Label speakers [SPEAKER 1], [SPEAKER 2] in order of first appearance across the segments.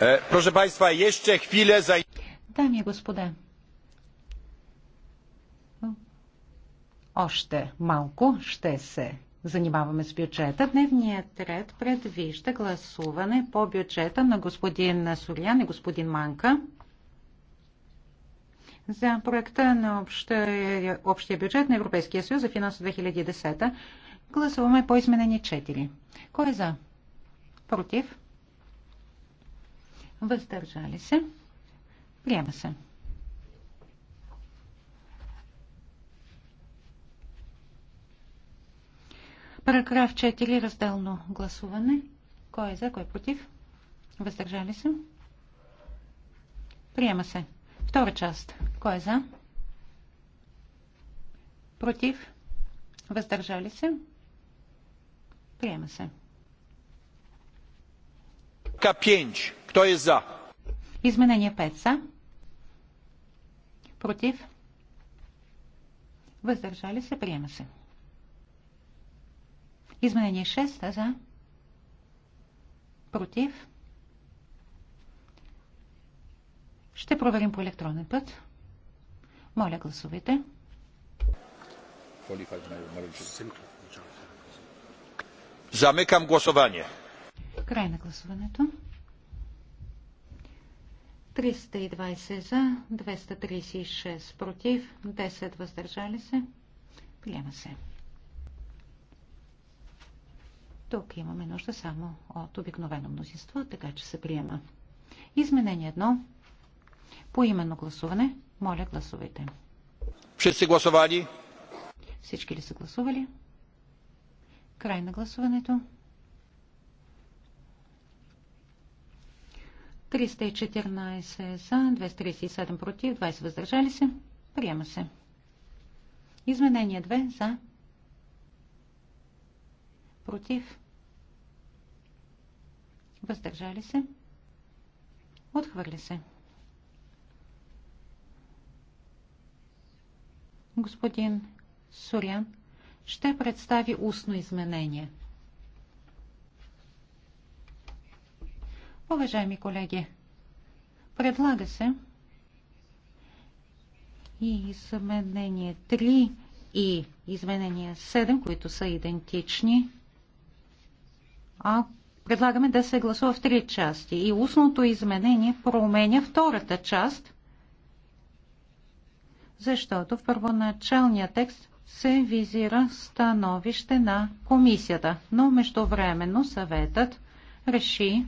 [SPEAKER 1] E, proszę Państwa, jeszcze chwilę zaj... Damie господа, още малко ще се занимаваме с бюджета. Дневният ред предвижда гласуване по бюджета на господин Сурян и господин Манка за проекта на общия, общия бюджет на Европейския съюз за финансов 2010. Гласуваме по изменение 4. Кой е за? Против? въздържали се, приема се. Параграф 4. Разделно гласуване. Кой е за, кой е против? Въздържали се? Приема се. Втора част. Кой е за? Против? Въздържали се? Приема се. К5. Кто е за? Изменение 5 за. Против. Въздържали се. Приема се. Изменение 6 за. Против. Ще проверим по електронен път. Моля, гласовете. Замикам гласование. Край на гласуването. 320 за, 236 против, 10 въздържали се. Приема се. Тук имаме нужда само от обикновено мнозинство, така че се приема. Изменение едно. По именно гласуване. Моля, гласувайте. Всички гласували? Всички ли са гласували? Край на гласуването. 314 за, 237 против, 20 въздържали се. Приема се. Изменение 2 за. Против. Въздържали се. отхвърли се. Господин Сурян, ще представи устно изменение. Уважаеми колеги, предлага се и изменение 3 и изменение 7, които са идентични, а предлагаме да се гласува в три части. И устното изменение променя втората част, защото в първоначалния текст се визира становище на комисията, но междувременно съветът реши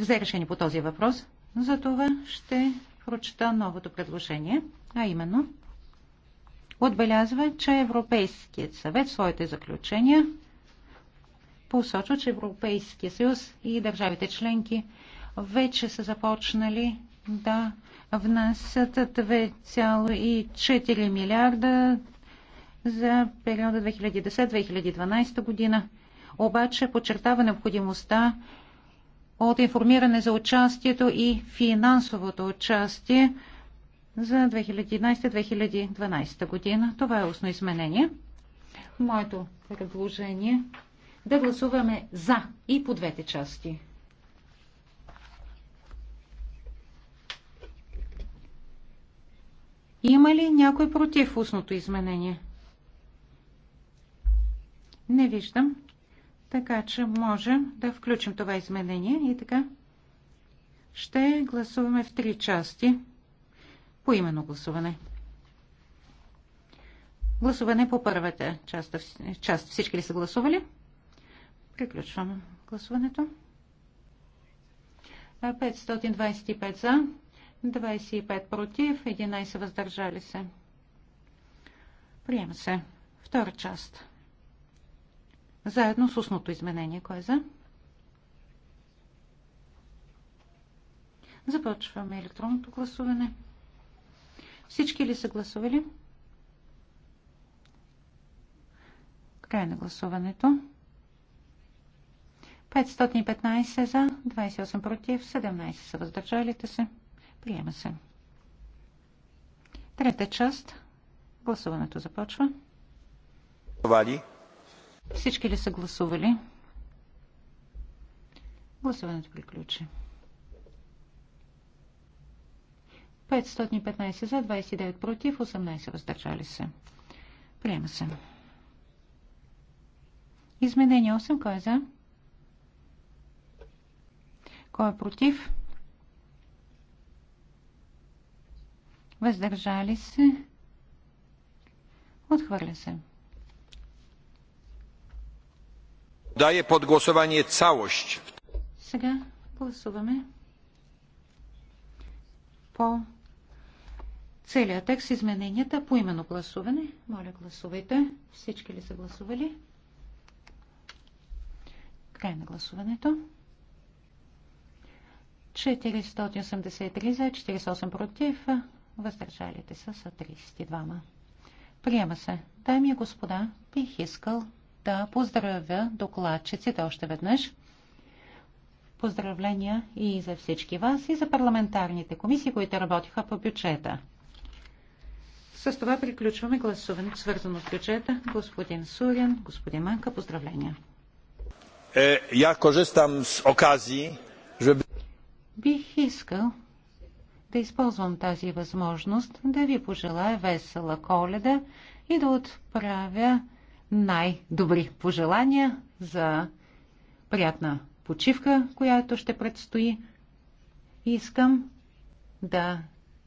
[SPEAKER 1] взе решение по този въпрос. Затова ще прочета новото предложение, а именно отбелязва, че Европейският съвет в своите заключения посочва, че Европейския съюз и държавите членки вече са започнали да внасят 2,4 милиарда за периода 2010-2012 година. Обаче подчертава необходимостта от информиране за участието и финансовото участие за 2011-2012 година. Това е устно изменение. Моето предложение е да гласуваме за и по двете части. Има ли някой против устното изменение? Не виждам. Така че можем да включим това изменение и така ще гласуваме в три части по именно гласуване. Гласуване по първата част. част. Всички ли са гласували? Приключвам гласуването. 525 за, 25 против, 11 въздържали се. Приема се. Втора част заедно с устното изменение. Кой е за? Започваме електронното гласуване. Всички ли са гласували? Край на гласуването. 515 за, 28 против, 17 са въздържалите се. Приема се. Трета част. Гласуването започва. Вали. Всички ли са гласували? Гласуването приключи. 515 за, 29 против, 18 въздържали се. Приема се. Изменение 8. Кой е за? Кой е против? Въздържали се. Отхвърля се. Daję pod głosowanie całość. Сега гласуваме по целият текст измененията по именно гласуване. Моля, гласувайте. Всички ли са гласували? Край на гласуването. 483 за, 48 против, въздържалите са са 32. Приема се. Дами и господа, бих искал да поздравя докладчиците още веднъж. Поздравления и за всички вас, и за парламентарните комисии, които работиха по бюджета. С това приключваме гласуването, свързано с бюджета. Господин Сурин, господин Манка, поздравления.
[SPEAKER 2] Е, я кожестам с оказии, че...
[SPEAKER 1] Бих искал да използвам тази възможност да ви пожелая весела коледа и да отправя най-добри пожелания за приятна почивка, която ще предстои. Искам да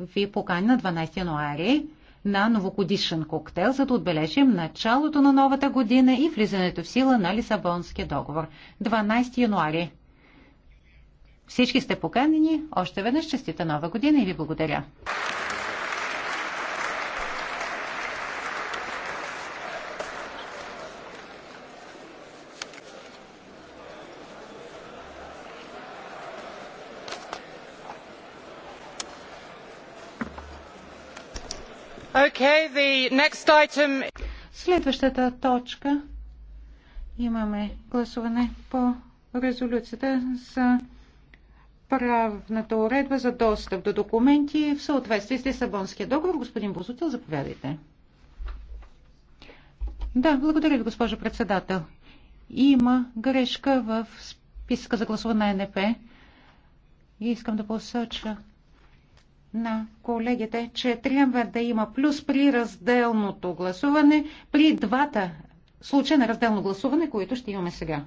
[SPEAKER 1] ви поканя на 12 януари на новогодишен коктейл, за да отбележим началото на новата година и влизането в сила на Лисабонския договор. 12 януари. Всички сте поканени. Още веднъж честита нова година и ви благодаря. Okay, Следващата точка имаме гласуване по резолюцията за правната уредба за достъп до документи в съответствие с Лисабонския договор. Господин Бозутил, заповядайте. Да, благодаря ви, госпожо председател. Има грешка в списка за гласуване на НП. И искам да посоча, на колегите, че трябва да има плюс при разделното гласуване, при двата случая на разделно гласуване, които ще имаме сега.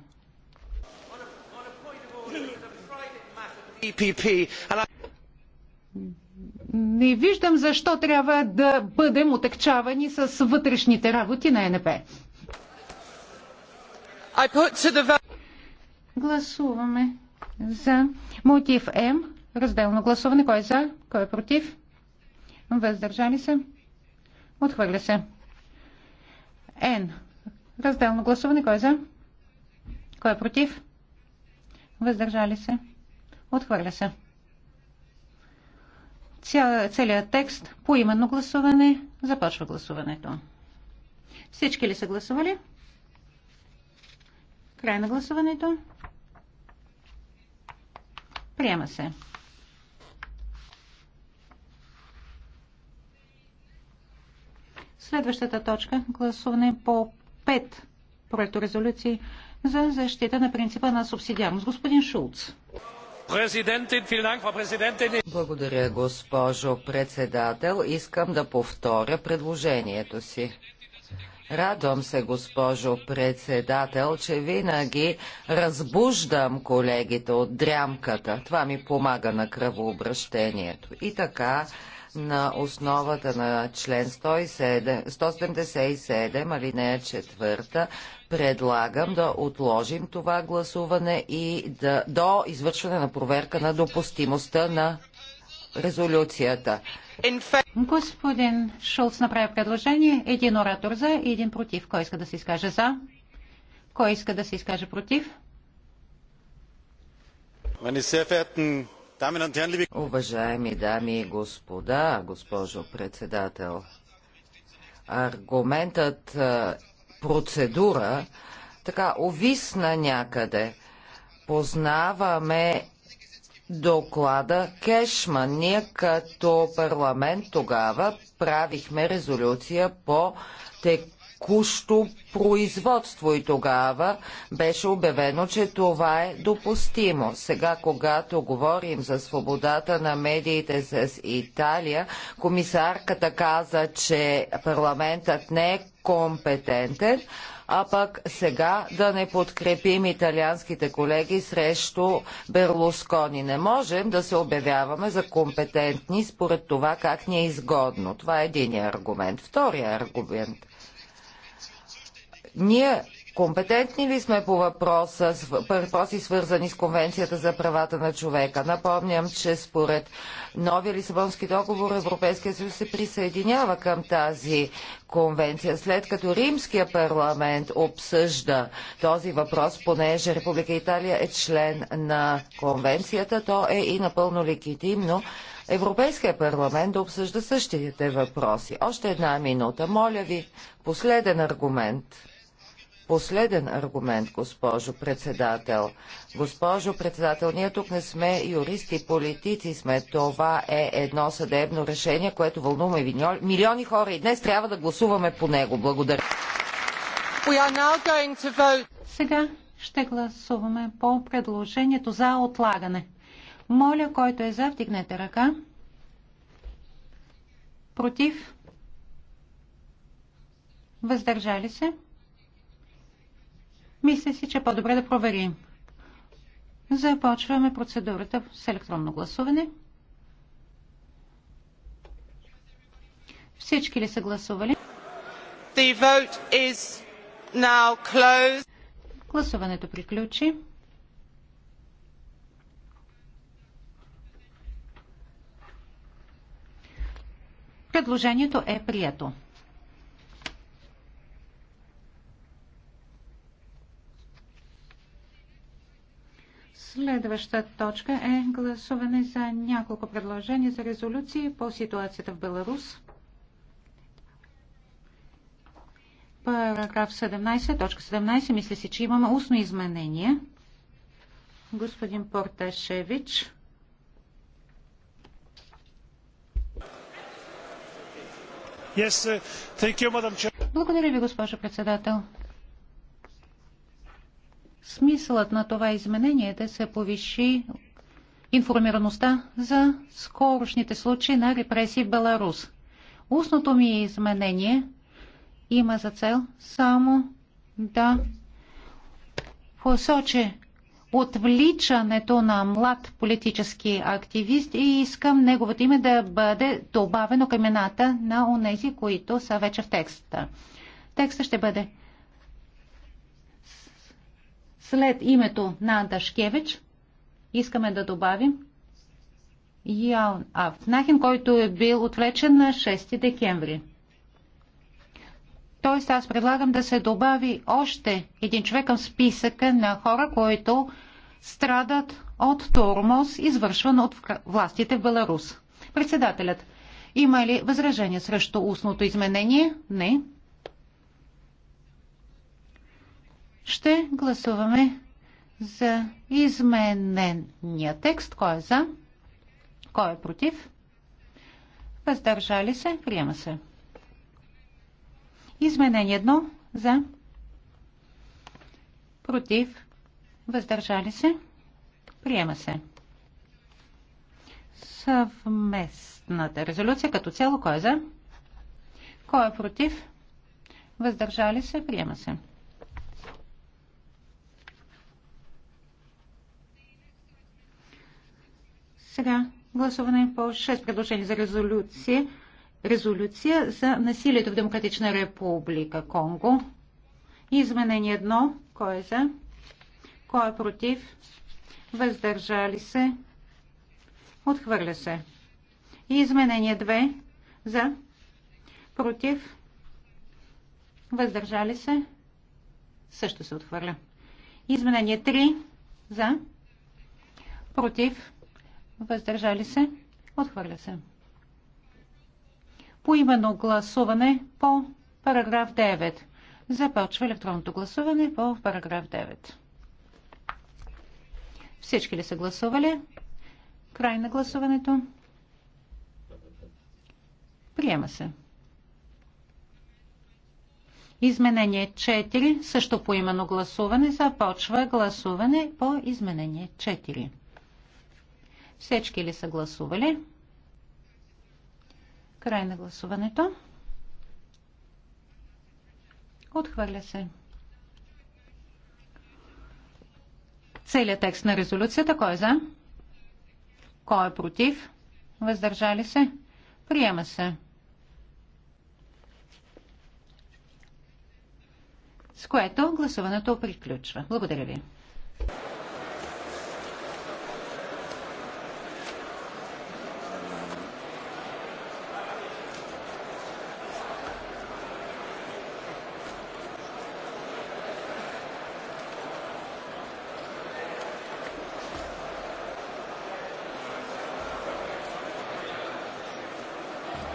[SPEAKER 1] Не виждам защо трябва да бъдем отекчавани с вътрешните работи на НП. Гласуваме за мотив М Разделно гласуване. Кой е за? Кой е против? Въздържали се? Отхвърля се. Н. Разделно гласуване. Кой е за? Кой е против? Въздържали се? Отхвърля се. целият текст по именно гласуване започва гласуването. Всички ли са гласували? Край на гласуването. Приема се. Следващата точка – гласуване по 5 проекторезолюции за защита на принципа на субсидиарност. Господин Шулц.
[SPEAKER 2] Благодаря, госпожо председател. Искам да повторя предложението си. Радвам се, госпожо председател, че винаги разбуждам колегите от дрямката. Това ми помага на кръвообращението. И така, на основата на член 107, 177, алинея 4, предлагам да отложим това гласуване и да, до извършване на проверка на допустимостта на резолюцията.
[SPEAKER 1] Господин Шулц направи предложение. Един оратор за и един против. Кой иска да се изкаже за? Кой иска да се изкаже против?
[SPEAKER 2] Уважаеми дами и господа, госпожо председател, аргументът е, процедура така овисна някъде. Познаваме доклада Кешман. Ние като парламент тогава правихме резолюция по тек текущо производство и тогава беше обявено, че това е допустимо. Сега, когато говорим за свободата на медиите с Италия, комисарката каза, че парламентът не е компетентен, а пък сега да не подкрепим италианските колеги срещу Берлускони. Не можем да се обявяваме за компетентни според това как ни е изгодно. Това е един аргумент. Втория аргумент – ние компетентни ли сме по въпроса, въпроси свързани с Конвенцията за правата на човека? Напомням, че според новия Лисабонски договор Европейския съюз се присъединява към тази конвенция, след като Римския парламент обсъжда този въпрос, понеже Република Италия е член на конвенцията, то е и напълно легитимно Европейския парламент да обсъжда същите въпроси. Още една минута. Моля ви, последен аргумент. Последен аргумент, госпожо председател. Госпожо председател, ние тук не сме юристи, политици сме. Това е едно съдебно решение, което вълнува милиони хора и днес трябва да гласуваме по него. Благодаря.
[SPEAKER 1] Сега ще гласуваме по предложението за отлагане. Моля, който е за, вдигнете ръка. Против? Въздържали се? Мисля си, че е по-добре да проверим. Започваме процедурата с електронно гласуване. Всички ли са гласували? The vote is now closed. Гласуването приключи. Предложението е прието. Следваща точка е гласуване за няколко предложения за резолюции по ситуацията в Беларус. Параграф 17, точка 17, мисля си, че имаме устно изменение. Господин Порташевич. Благодаря ви, госпожо председател. Смисълът на това изменение е да се повиши информираността за скорошните случаи на репресии в Беларус. Устното ми изменение има за цел само да посочи отвличането на млад политически активист и искам неговото име да бъде добавено към имената на онези, които са вече в текста. Текста ще бъде след името на Анташкевич искаме да добавим Ян Афнахин, който е бил отвлечен на 6 декември. Тоест аз предлагам да се добави още един човек към списъка на хора, които страдат от тормоз, извършван от властите в Беларус. Председателят, има ли възражение срещу устното изменение? Не. ще гласуваме за изменения текст. Кой е за? Кой е против? Въздържали се? Приема се. Изменение едно за. Против. Въздържали се? Приема се. Съвместната резолюция като цяло кой е за? Кой е против? Въздържали се? Приема се. Сега гласуване по 6 предложения за резолюция. Резолюция за насилието в Демократична република Конго. Изменение 1. Кой е за? Кой е против? Въздържали се? Отхвърля се. Изменение 2. За? Против? Въздържали се? Също се отхвърля. Изменение 3. За? Против? въздържали се, отхвърля се. По именно гласуване по параграф 9. Започва електронното гласуване по параграф 9. Всички ли са гласували? Край на гласуването. Приема се. Изменение 4, също по именно гласуване, започва гласуване по изменение 4. Всички ли са гласували? Край на гласуването. Отхвърля се. Целият текст на резолюцията. Кой е за? Кой е против? Въздържали се? Приема се. С което гласуването приключва. Благодаря ви.